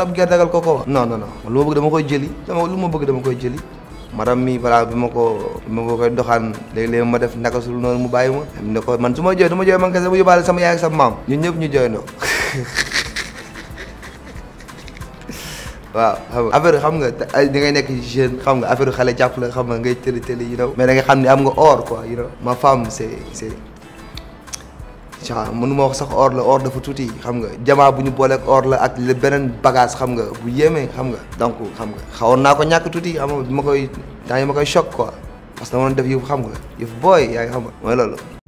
wala bu gerte dagal ko non non non lu ma dama koy jëli dama lu ma bëgg dama koy jëli madame mii balaa bi ma ko bi ma ko koy doxaan léeg-léeg ma def naka su noonu mu bàyyi ma ne man su ma jooy du ma jooy man kese ma sama yaay ak sama ñu jooyandoo waaw xam affaire xam nga da ngay nekk jeune xam nga affaire xale jàpp la xam nga ngay tëli tëli you know mais da nga xam ni am nga or quoi you know ma femme c'est genre mënu ma wax sax or la or dafa tuuti xam nga jamaa bu ñu booleeg or la ak beneen bagage xam nga bu yéemee xam nga donc xam nga xawoon naa ko ñàkk tuuti xam nga ma koy temps ma koy choc quoi parce que def yëfu xam nga yëfu booy yaa ngi xam nga mooy loolu